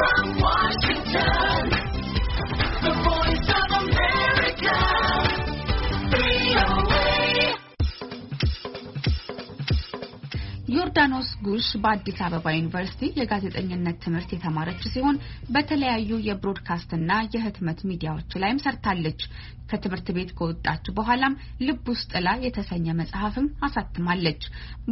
Worldwide ዮርዳኖስ ጉሽ በአዲስ አበባ ዩኒቨርሲቲ የጋዜጠኝነት ትምህርት የተማረች ሲሆን በተለያዩ የብሮድካስትና የህትመት ሚዲያዎች ላይም ሰርታለች። ከትምህርት ቤት ከወጣች በኋላም ልብ ውስጥ ላ የተሰኘ መጽሐፍም አሳትማለች።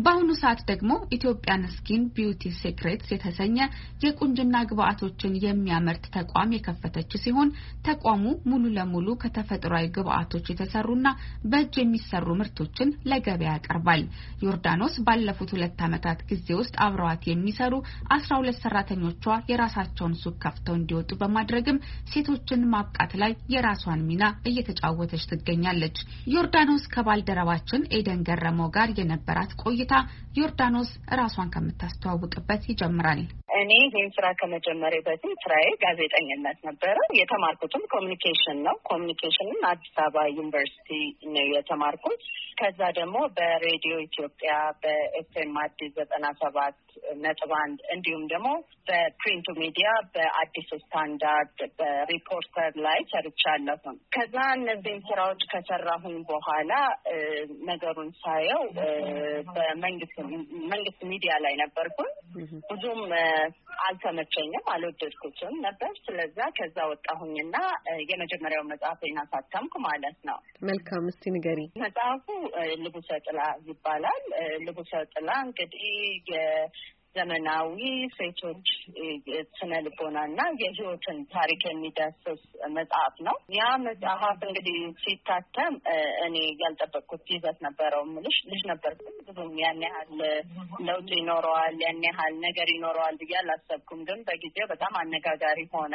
በአሁኑ ሰዓት ደግሞ ኢትዮጵያን ስኪን ቢዩቲ ሴክሬትስ የተሰኘ የቁንጅና ግብአቶችን የሚያመርት ተቋም የከፈተች ሲሆን ተቋሙ ሙሉ ለሙሉ ከተፈጥሯዊ ግብአቶች የተሰሩና በእጅ የሚሰሩ ምርቶችን ለገበያ ያቀርባል። ዮርዳኖስ ባለፉት በሁለት ዓመታት ጊዜ ውስጥ አብረዋት የሚሰሩ አስራ ሁለት ሰራተኞቿ የራሳቸውን ሱቅ ከፍተው እንዲወጡ በማድረግም ሴቶችን ማብቃት ላይ የራሷን ሚና እየተጫወተች ትገኛለች። ዮርዳኖስ ከባልደረባችን ኤደን ገረመው ጋር የነበራት ቆይታ ዮርዳኖስ ራሷን ከምታስተዋውቅበት ይጀምራል። እኔ ይህን ስራ ከመጀመሪያ በፊት ስራዬ ጋዜጠኝነት ነበረ። የተማርኩትም ኮሚኒኬሽን ነው። ኮሚኒኬሽንን አዲስ አበባ ዩኒቨርሲቲ ነው የተማርኩት። ከዛ ደግሞ በሬዲዮ ኢትዮጵያ በኤፍኤም አዲስ ዘጠና ሰባት ነጥብ አንድ እንዲሁም ደግሞ በፕሪንቱ ሚዲያ በአዲሱ ስታንዳርድ በሪፖርተር ላይ ሰርቻለሁም። ከዛ እነዚህም ስራዎች ከሰራሁኝ በኋላ ነገሩን ሳየው በመንግስት መንግስት ሚዲያ ላይ ነበርኩኝ ብዙም አልተመቸኝም፣ አልወደድኩትም ነበር። ስለዛ ከዛ ወጣሁኝና የመጀመሪያው መጽሐፌን አሳተምኩ ማለት ነው። መልካም። እስቲ ንገሪ። መጽሐፉ ልቡሰ ጥላ ይባላል። ልቡሰ ጥላ እንግዲህ ዘመናዊ ሴቶች ስነ ልቦናና የህይወትን ታሪክ የሚዳስስ መጽሐፍ ነው። ያ መጽሐፍ እንግዲህ ሲታተም እኔ ያልጠበቅኩት ይዘት ነበረው። ምልሽ ልጅ ነበርኩም ብዙም ያን ያህል ለውጥ ይኖረዋል ያን ያህል ነገር ይኖረዋል ብዬ አላሰብኩም። ግን በጊዜው በጣም አነጋጋሪ ሆነ፣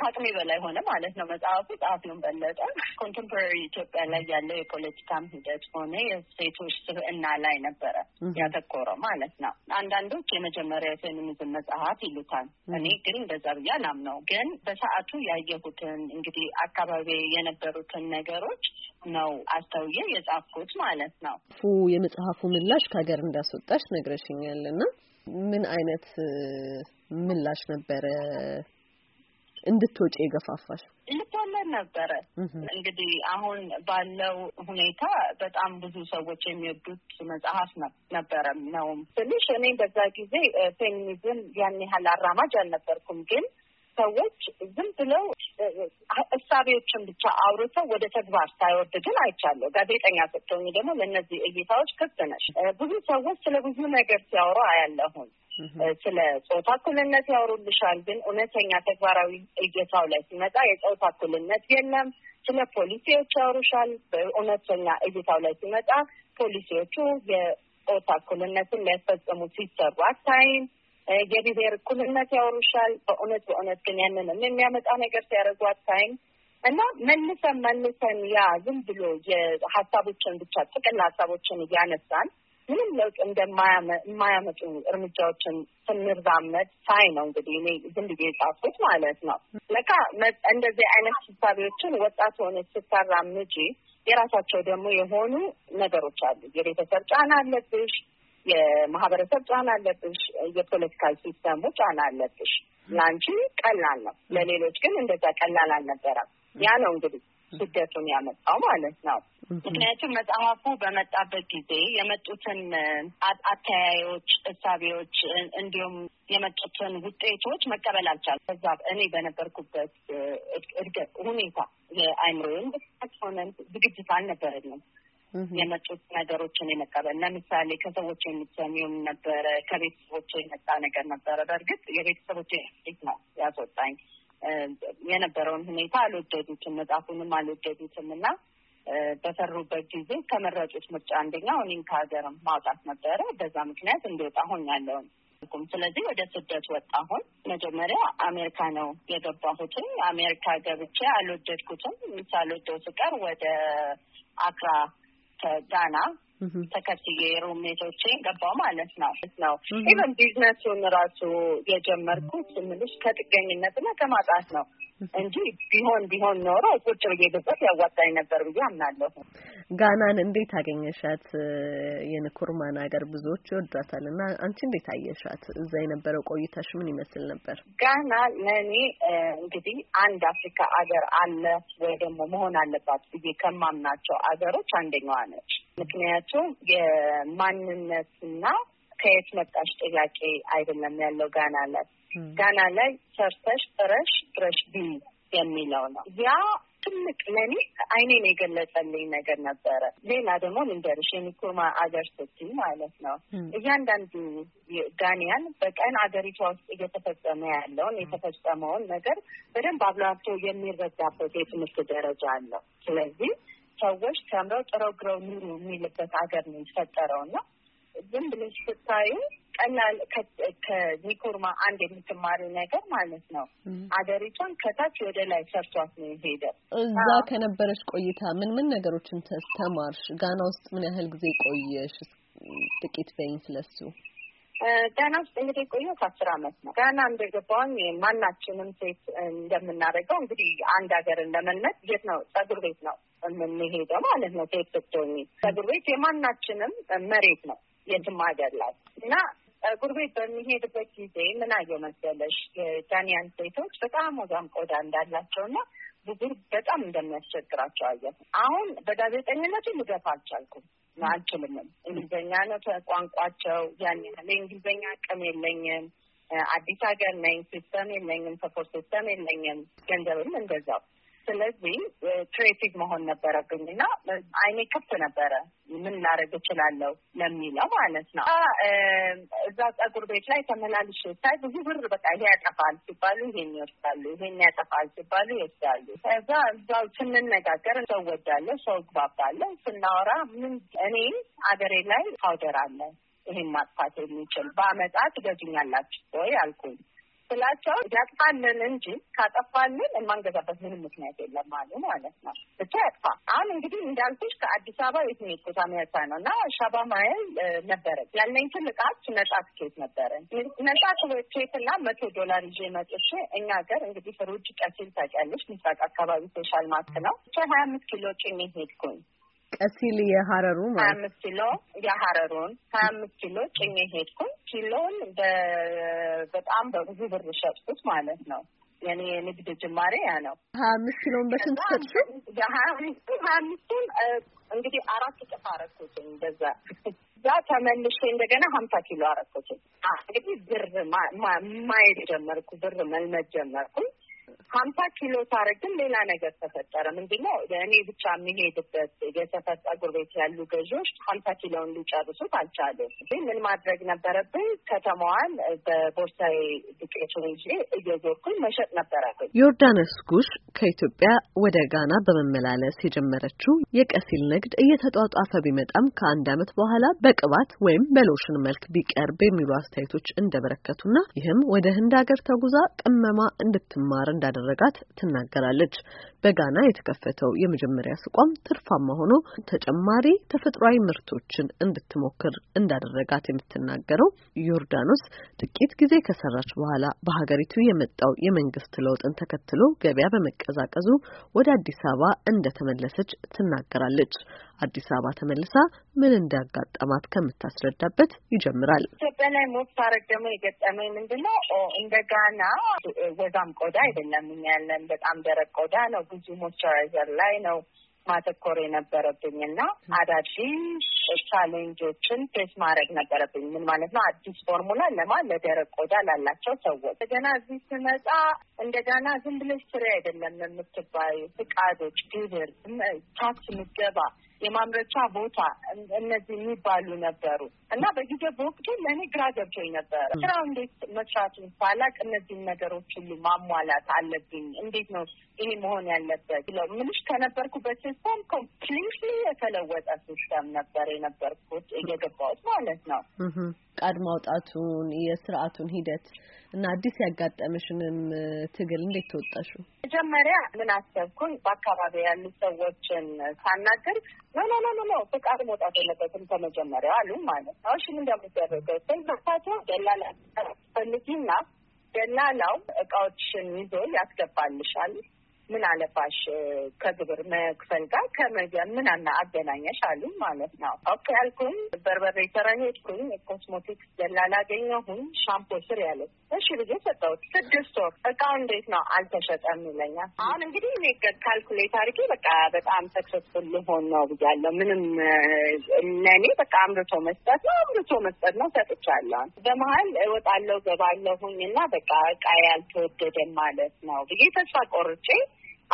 ከአቅሜ በላይ ሆነ ማለት ነው። መጽሐፉ ጸሐፊውን በለጠ ኮንቴምፖራሪ ኢትዮጵያ ላይ ያለው የፖለቲካም ሂደት ሆነ የሴቶች ስብዕና ላይ ነበረ ያተኮረው ማለት ነው። አንዳንዶች የመጀመሪያ የፌሚኒዝም መጽሐፍ ይሉታል። እኔ ግን እንደዛ ብዬ አላምነው። ግን በሰዓቱ ያየሁትን እንግዲህ አካባቢ የነበሩትን ነገሮች ነው አስተውዬ የጻፍኩት ማለት ነው። ፉ የመጽሐፉ ምላሽ ከሀገር እንዳስወጣሽ ነግረሽኛል እና ምን አይነት ምላሽ ነበረ እንድትወጪ የገፋፋሽ? ልታለን ነበረ። እንግዲህ አሁን ባለው ሁኔታ በጣም ብዙ ሰዎች የሚወዱት መጽሐፍ ነበረ ነውም ትንሽ እኔ በዛ ጊዜ ፌሚኒዝም ያን ያህል አራማጅ አልነበርኩም ግን ሰዎች ዝም ብለው እሳቤዎችን ብቻ አውርተው ወደ ተግባር ሳይወርድ ግን አይቻለሁ። ጋዜጠኛ ስትሆኚ ደግሞ ለእነዚህ እይታዎች ክፍት ነሽ። ብዙ ሰዎች ስለ ብዙ ነገር ሲያወሩ አያለሁም። ስለ ጾታ እኩልነት ያወሩልሻል፣ ግን እውነተኛ ተግባራዊ እይታው ላይ ሲመጣ የጾታ እኩልነት የለም። ስለ ፖሊሲዎች ያወሩሻል፣ በእውነተኛ እይታው ላይ ሲመጣ ፖሊሲዎቹ የጾታ እኩልነትን ሊያስፈጽሙ ሲሰሩ አታይም። የብሔር እኩልነት ያወሩሻል፣ በእውነት በእውነት ግን ያንንም የሚያመጣ ነገር ሲያደርጉ አታይም። እና መልሰን መልሰን ያ ዝም ብሎ የሀሳቦችን ብቻ ጥቅል ሀሳቦችን እያነሳን ምንም ለውጥ እንደማያመጡ እርምጃዎችን ስንራመድ ሳይ ነው እንግዲህ እኔ ዝም ብዬ የጻፍኩት ማለት ነው። ለካ እንደዚህ አይነት ሀሳቢዎችን ወጣት ሆነች ስታራምጂ የራሳቸው ደግሞ የሆኑ ነገሮች አሉ። የቤተሰብ ጫና አለብሽ፣ የማህበረሰብ ጫና አለብሽ፣ የፖለቲካል ሲስተሙ ጫና አለብሽ። ለአንቺ ቀላል ነው፣ ለሌሎች ግን እንደዛ ቀላል አልነበረም። ያ ነው እንግዲህ ስደቱን ያመጣው ማለት ነው። ምክንያቱም መጽሐፉ በመጣበት ጊዜ የመጡትን አተያዮች፣ እሳቤዎች እንዲሁም የመጡትን ውጤቶች መቀበል አልቻልኩም። ከዛ እኔ በነበርኩበት እድገት ሁኔታ የአእምሮን ሆነን ዝግጅት አልነበረንም የመጡት ነገሮችን የመቀበል ለምሳሌ ከሰዎች የምትሰሚውም ነበረ። ከቤተሰቦች የመጣ ነገር ነበረ። በእርግጥ የቤተሰቦች ነው ያስወጣኝ የነበረውን ሁኔታ አልወደዱትም፣ መጽሐፉንም አልወደዱትም እና በሰሩበት ጊዜ ከመረጡት ምርጫ አንደኛ እኔን ከሀገርም ማውጣት ነበረ። በዛ ምክንያት እንዲወጣ ሆኛለሁኝ። ስለዚህ ወደ ስደት ወጣሁን። መጀመሪያ አሜሪካ ነው የገባሁትኝ። አሜሪካ ገብቼ አልወደድኩትም። ሳልወደው ስቀር ወደ አክራ ከጋና ተከትዬ ሩሜቶቼ ገባው ማለት ነው ነው ኢቨን ቢዝነሱን ራሱ የጀመርኩት ምልሽ ከጥገኝነትና ከማጣት ነው እንጂ ቢሆን ቢሆን ኖሮ ቁጭ ብዬ ያዋጣኝ ነበር ብዬ አምናለሁ። ጋናን እንዴት አገኘሻት? የንኩርማን ሀገር ብዙዎች ይወዷታል እና አንቺ እንዴት አየሻት? እዛ የነበረው ቆይታሽ ምን ይመስል ነበር? ጋና ለእኔ እንግዲህ አንድ አፍሪካ አገር አለ ወይ ደግሞ መሆን አለባት ብዬ ከማምናቸው አገሮች አንደኛዋ ነች። ምክንያቱም የማንነትና ከየት መጣሽ ጥያቄ አይደለም ያለው ጋና ላይ። ጋና ላይ ሰርተሽ ጥረሽ ጥረሽ ቢ የሚለው ነው። ያ ትልቅ ለኔ አይኔን የገለጸልኝ ነገር ነበረ። ሌላ ደግሞ ልንገርሽ የሚኩርማ አገር ስቲ ማለት ነው እያንዳንዱ ጋንያን በቀን አገሪቷ ውስጥ እየተፈጸመ ያለውን የተፈጸመውን ነገር በደንብ አብላቶ የሚረዳበት የትምህርት ደረጃ አለው። ስለዚህ ሰዎች ተምረው ጥረው ግረው ኑሩ የሚልበት ሀገር ነው የተፈጠረው እና ዝም ብለሽ ስታዩ ቀላል ከኒኮርማ አንድ የምትማሪ ነገር ማለት ነው። አገሪቷን ከታች ወደ ላይ ሰርቷት ነው የሄደ። እዛ ከነበረች ቆይታ ምን ምን ነገሮችን ተማርሽ? ጋና ውስጥ ምን ያህል ጊዜ ቆየሽ? ጥቂት በይኝ ስለሱ። ጋና ውስጥ እንግዲህ የቆየሁት አስር አመት ነው። ጋና እንደገባሁኝ ማናችንም ሴት እንደምናደርገው እንግዲህ አንድ ሀገርን ለመልመድ የት ነው ጸጉር ቤት ነው የምንሄደው ማለት ነው። ሴት ስትሆኚ ጸጉር ቤት የማናችንም መሬት ነው የትም ሀገር ላይ እና ጸጉር ቤት በሚሄድበት ጊዜ ምን አየሁ መሰለሽ ሴቶች በጣም ወዛም ቆዳ እንዳላቸው እና ብዙ በጣም እንደሚያስቸግራቸው አየሁ። አሁን በጋዜጠኝነቱ ልገፋ አልቻልኩም አልችልምም። እንግሊዝኛ ነው ቋንቋቸው። ያን የእንግሊዝኛ አቅም የለኝም። አዲስ ሀገር ነኝ። ሲስተም የለኝም፣ ሰፖርት ሲስተም የለኝም። ገንዘብም እንደዛው ስለዚህ ክሬቲቭ መሆን ነበረብኝ እና አይኔ ክፍት ነበረ ምን ላደርግ እችላለሁ ለሚለው ማለት ነው። እዛ ጸጉር ቤት ላይ ተመላልሽ ሳይ ብዙ ብር በቃ ይሄ ያጠፋል ሲባሉ ይሄን ይወስዳሉ፣ ይሄን ያጠፋል ሲባሉ ይወስዳሉ። ከዛ እዛው ስንነጋገር ሰው ወዳለሁ፣ ሰው ግባባለሁ፣ ስናወራ ምን እኔም አገሬ ላይ ፓውደር አለ ይሄን ማጥፋት የሚችል በአመጣ ትገዙኛላችሁ ወይ አልኩኝ። ስላቸው ያጥፋልን እንጂ ካጠፋልን የማንገዛበት ምንም ምክንያት የለም አሉ ማለት ነው። ብቻ ያጥፋ። አሁን እንግዲህ እንዳልኩሽ ከአዲስ አበባ የትሜት ቦታ ሚያሳ ነው እና ሻባ ማይል ነበረ ያለኝ ትልቃች ነጻ ትኬት ነበረ። ነጻ ትኬት እና መቶ ዶላር ይዤ መጥሽ እኛ ሀገር እንግዲህ ፍሩጅ ቀሲል ታውቂያለሽ፣ ምስራቅ አካባቢ ሶሻል ማስክ ነው ብቻ ሀያ አምስት ኪሎ ጭሜ ሄድኩኝ። ቀሲል የሀረሩ ሀያ አምስት ኪሎ የሀረሩን ሀያ አምስት ኪሎ ጭኜ ሄድኩኝ። ኪሎን በጣም በብዙ ብር ሸጥኩት ማለት ነው። የኔ የንግድ ጅማሬ ያ ነው። ሀያ አምስት ኪሎን በስንት ሰጥሽው? ሀያ አምስቱን እንግዲህ አራት እጥፍ አረኩትኝ በዛ እዛ ተመልሼ እንደገና ሀምሳ ኪሎ አረኩትኝ። እንግዲህ ብር ማየት ጀመርኩ፣ ብር መልመድ ጀመርኩኝ። ሀምሳ ኪሎ ታረግ ግን ሌላ ነገር ተፈጠረ። ምንድን ነው እኔ ብቻ የሚሄድበት የሰፈር ጸጉር ቤት ያሉ ገዢዎች ሀምሳ ኪሎውን ሊጨርሱት አልቻሉም። ግን ምን ማድረግ ነበረብኝ? ከተማዋን በቦርሳዬ ዱቄቱን ይዤ እየዞርኩኝ መሸጥ ነበረብኝ። ዮርዳነስ ጉሽ ከኢትዮጵያ ወደ ጋና በመመላለስ የጀመረችው የቀሲል ንግድ እየተጧጧፈ ቢመጣም ከአንድ ዓመት በኋላ በቅባት ወይም በሎሽን መልክ ቢቀርብ የሚሉ አስተያየቶች እንደበረከቱና ይህም ወደ ህንድ ሀገር ተጉዛ ቅመማ እንድትማር እንዳደረጋት ትናገራለች። በጋና የተከፈተው የመጀመሪያ ሱቋም ትርፋማ ሆኖ ተጨማሪ ተፈጥሯዊ ምርቶችን እንድትሞክር እንዳደረጋት የምትናገረው ዮርዳኖስ ጥቂት ጊዜ ከሰራች በኋላ በሀገሪቱ የመጣው የመንግስት ለውጥን ተከትሎ ገበያ በመቀዛቀዙ ወደ አዲስ አበባ እንደተመለሰች ትናገራለች። አዲስ አበባ ተመልሳ ምን እንዳጋጠማት ከምታስረዳበት ይጀምራል። ኢትዮጵያ ላይ ሞት ሳረግ ደግሞ የገጠመኝ ምንድን ነው? እንደ ጋና ወዛም ቆዳ አይደለም። እኛ ያለን በጣም ደረቅ ቆዳ ነው። ብዙ ሞይስቸራይዘር ላይ ነው ማተኮር የነበረብኝ እና አዳዲስ ቻሌንጆችን ፌስ ማድረግ ነበረብኝ። ምን ማለት ነው? አዲስ ፎርሙላ ለማ ለደረቅ ቆዳ ላላቸው ሰዎች። እንደገና እዚህ ስመጣ እንደገና ዝም ብለሽ ስሬ አይደለም የምትባዩ፣ ፍቃዶች፣ ግብር፣ ታክስ፣ ምገባ የማምረቻ ቦታ እነዚህ የሚባሉ ነበሩ እና በጊዜ በወቅቱ ለእኔ ግራ ገብቶኝ ነበረ። ስራው እንዴት መስራቱን ሳላቅ እነዚህን ነገሮች ሁሉ ማሟላት አለብኝ፣ እንዴት ነው ይሄ መሆን ያለበት ብለው ምንሽ ከነበርኩበት ሲስተም ኮምፕሊትሊ የተለወጠ ሲስተም ነበር የነበርኩት የገባሁት ማለት ነው። ቃድ ማውጣቱን የስርዓቱን ሂደት እና አዲስ ያጋጠመሽንም ትግል እንዴት ተወጣሹ? መጀመሪያ ምን አሰብኩኝ፣ በአካባቢ ያሉ ሰዎችን ሳናገር ኖ ኖ ኖ ኖ ፍቃድ መውጣት የለበትም ከመጀመሪያ አሉ ማለት ነው። እሺ ምን እንደሚደረገው ስል በሳቸው ደላላ ፈልጊና ደላላው እቃዎችን ይዞ ያስገባልሻል ምን አለፋሽ ከግብር መክፈል ጋር ከመጀመር ምን አና አገናኘሽ አሉ ማለት ነው። ኦኬ አልኩኝ። በርበሬ ተራ ሄድኩኝ። ኮስሞቲክስ ደላላ አገኘሁኝ። ሻምፖ ስር ያለ እሺ ብዬ ሰጠሁት። ስድስት ወር እቃው እንዴት ነው አልተሸጠም ይለኛል። አሁን እንግዲህ እኔ ካልኩሌት አድርጌ በቃ በጣም ሰክሰስፉል ልሆን ነው ብያለሁ። ምንም ለእኔ በቃ አምርቶ መስጠት ነው አምርቶ መስጠት ነው ሰጥቻለሁ። በመሀል እወጣለሁ ገባለሁኝ እና በቃ እቃ ያልተወደደ ማለት ነው ብዬ ተስፋ ቆርጬ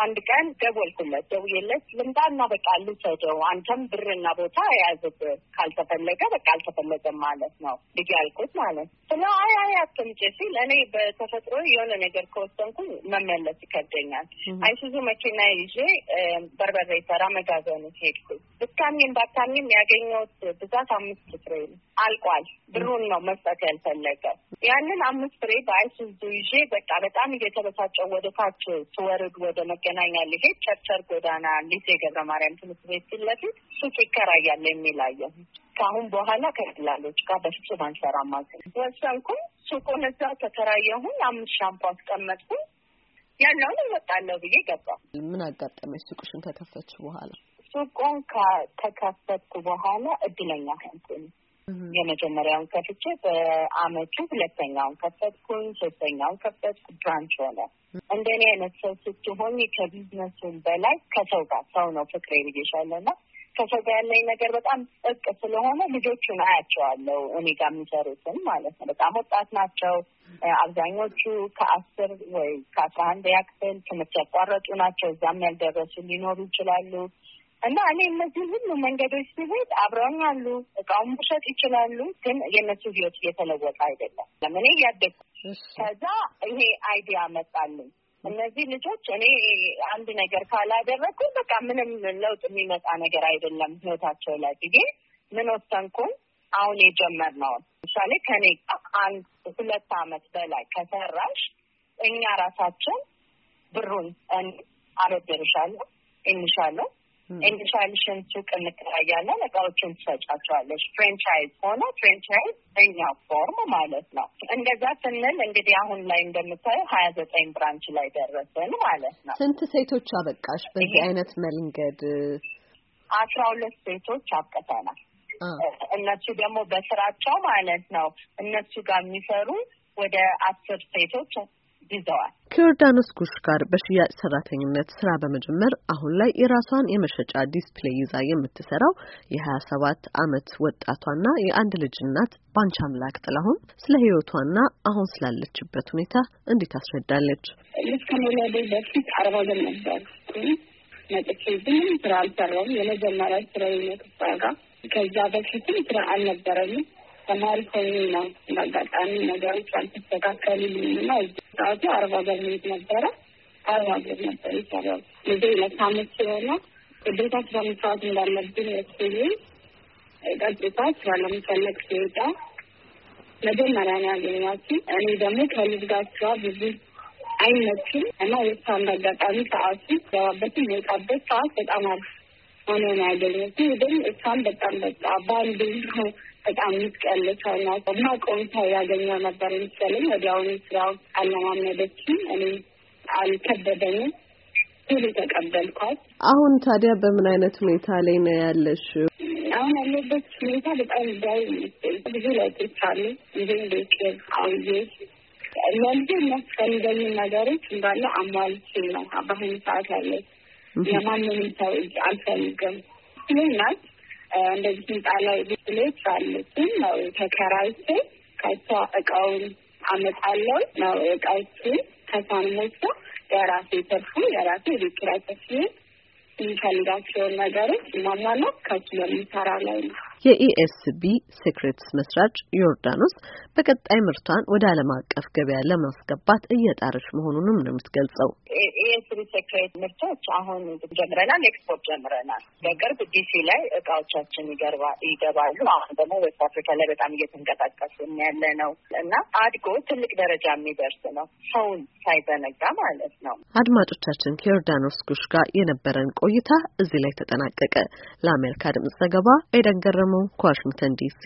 አንድ ቀን ደወልኩለት። ደውዬለት እና በቃ ልውሰደው አንተም ብርና ቦታ የያዘብ ካልተፈለገ በቃ አልተፈለገም ማለት ነው ልጅ ያልኩት ማለት ስለ አይ አይ አትምጭ ሲል እኔ በተፈጥሮ የሆነ ነገር ከወሰንኩ መመለስ ይከብደኛል። አይሱዙ መኪና ይዤ በርበሬ ተራ መጋዘኑ ሄድኩ። ብታሚም ባታሚም ያገኘሁት ብዛት አምስት ፍሬ ነው። አልቋል። ብሩን ነው መስጠት ያልፈለገ። ያንን አምስት ፍሬ በአይሱዙ ይዤ በቃ በጣም እየተበሳጨው ወደ ታች ስወርድ ወደ መገናኛ ሊሄድ ቸርቸር ጎዳና ሊሴ ገብረ ማርያም ትምህርት ቤት ፊት ለፊት ሱቅ ይከራያል የሚል አየሁ። ከአሁን በኋላ ከደላሎች ጋር በፍጹም አንሰራም ወሰንኩም። ሱቁን እዛ ተከራየሁኝ። አምስት ሻምፖ አስቀመጥኩኝ። ያለውን እወጣለሁ ብዬ ገባሁ። ምን አጋጠመች? ሱቁሽን ከከፈች በኋላ ሱቁን ከከፈትኩ በኋላ እድለኛ ሆንኩኝ። የመጀመሪያውን ከፍቼ በአመቱ ሁለተኛውን ከፈትኩኝ፣ ሶስተኛውን ከፈትኩ። ብራንች ሆነ። እንደኔ አይነት ሰው ስትሆኝ ከቢዝነሱን በላይ ከሰው ጋር ሰው ነው ፍቅሬ ብዬሻለና ከሰው ጋር ያለኝ ነገር በጣም ጥቅ ስለሆነ ልጆቹን አያቸዋለሁ እኔ ጋር የሚሰሩትን ማለት ነው። በጣም ወጣት ናቸው አብዛኞቹ ከአስር ወይ ከአስራ አንድ ያክፍል ትምህርት ያቋረጡ ናቸው። እዛም ያልደረሱ ሊኖሩ ይችላሉ። እና እኔ እነዚህን ሁሉ መንገዶች ሲሄድ አብረውኝ አሉ። እቃውን መሸጥ ይችላሉ፣ ግን የእነሱ ህይወት እየተለወጠ አይደለም። ለምን እያደኩ ከዛ ይሄ አይዲያ መጣልኝ። እነዚህ ልጆች እኔ አንድ ነገር ካላደረግኩ በቃ ምንም ለውጥ የሚመጣ ነገር አይደለም ህይወታቸው ላይ ብዬ ምን ወሰንኩኝ? አሁን የጀመርነውን ምሳሌ ከኔ አንድ ሁለት አመት በላይ ከሰራሽ እኛ ራሳችን ብሩን አበደርሻለሁ፣ እንሻለሁ እንግሊሻልሽን ሱቅ የምትታያለን እቃዎችን ትሰጫቸዋለሽ። ፍሬንቻይዝ ሆነ ፍሬንቻይዝ እኛ ፎርም ማለት ነው። እንደዛ ስንል እንግዲህ አሁን ላይ እንደምታየው ሀያ ዘጠኝ ብራንች ላይ ደረስን ማለት ነው። ስንት ሴቶች አበቃሽ በዚህ አይነት መንገድ? አስራ ሁለት ሴቶች አብቅተናል። እነሱ ደግሞ በስራቸው ማለት ነው እነሱ ጋር የሚሰሩ ወደ አስር ሴቶች ይዘዋል። ከዮርዳኖስ ጉሽ ጋር በሽያጭ ሰራተኝነት ስራ በመጀመር አሁን ላይ የራሷን የመሸጫ ዲስፕሌይ ይዛ የምትሰራው የሀያ ሰባት አመት ወጣቷና የአንድ ልጅ እናት ባንቻ አምላክ ጥላሁን ስለ ህይወቷና አሁን ስላለችበት ሁኔታ እንዴት አስረዳለች። ልጅ ከመውለዴ በፊት አርባ ዘን ነበር መጥቼ ምንም ስራ አልሰራውም። የመጀመሪያ ስራ ከዛ በፊትም ስራ አልነበረኝም። ተማሪ ሰሚ ነው። እንዳጋጣሚ ነገሮች አልተስተካከሉልኝም እና እዚህ ሰዓቱ አርባ ሀገር መሄድ ነበረ። አርባ ሀገር ነበር ይሰራል ልጄ ሁለት አመት ስለሆነ ግዴታ ስራ መስራት እንዳለብን ወስዬ ቀጥታ ስራ ለመፈለግ ሲወጣ መጀመሪያ ነው ያገኘኋቸው። እኔ ደግሞ ከልጅ ጋር ስራ ብዙ አይመችም እና የሳ እንዳጋጣሚ ሰዓቱ ገባበት የወጣበት ሰዓት በጣም አሪፍ ሆኖ ነው ያገኘሁት። ግን እሷን በጣም በቃ በአንድ ነው በጣም ምትቀልቻው ና ማቆም ሰው ያገኘው ነበር ምትቀልም ወዲያውኑ ስራው አለማመደችም። እኔ አልከበደኝም ሁሉ ተቀበልኳት። አሁን ታዲያ በምን አይነት ሁኔታ ላይ ነው ያለሽ? አሁን ያለበት ሁኔታ በጣም ዳይ ብዙ ለውጦች አሉ። እንዲሁም ቤቄር አውዬ ለልጅ የሚያስፈልገኝ ነገሮች እንዳለ አሟልቼ ነው በአሁኑ ሰዓት ያለ የማንንም ሰው እጅ አልፈልግም ይህናት እንደዚህ ህንጻ ላይ ብስሌት አለችን ነው ተከራይቼ ከሷ እቃውን አመጣለሁ ነው እቃዎችን ከሳንሞቹ የራሴ ተርፉ የራሴ የቤት ኪራይ የሚፈልጋቸውን ነገሮች ማሟላት ከሱ በሚሰራ ላይ ነው። የኢኤስቢ ሴክሬትስ መስራች ዮርዳኖስ በቀጣይ ምርቷን ወደ ዓለም አቀፍ ገበያ ለማስገባት እየጣረች መሆኑንም ነው የምትገልጸው። ኢኤስቢ ሴክሬት ምርቶች አሁን ጀምረናል፣ ኤክስፖርት ጀምረናል። በቅርብ ዲሲ ላይ እቃዎቻችን ይገባሉ። አሁን ደግሞ ዌስት አፍሪካ ላይ በጣም እየተንቀሳቀሱ ያለ ነው እና አድጎ ትልቅ ደረጃ የሚደርስ ነው ሰውን ሳይዘነጋ ማለት ነው። አድማጮቻችን ከዮርዳኖስ ጉሽ ጋር የነበረን ቆይታ እዚህ ላይ ተጠናቀቀ። ለአሜሪካ ድምጽ ዘገባ ኤደን ገረመ አስማማው ከዋሽንግተን ዲሲ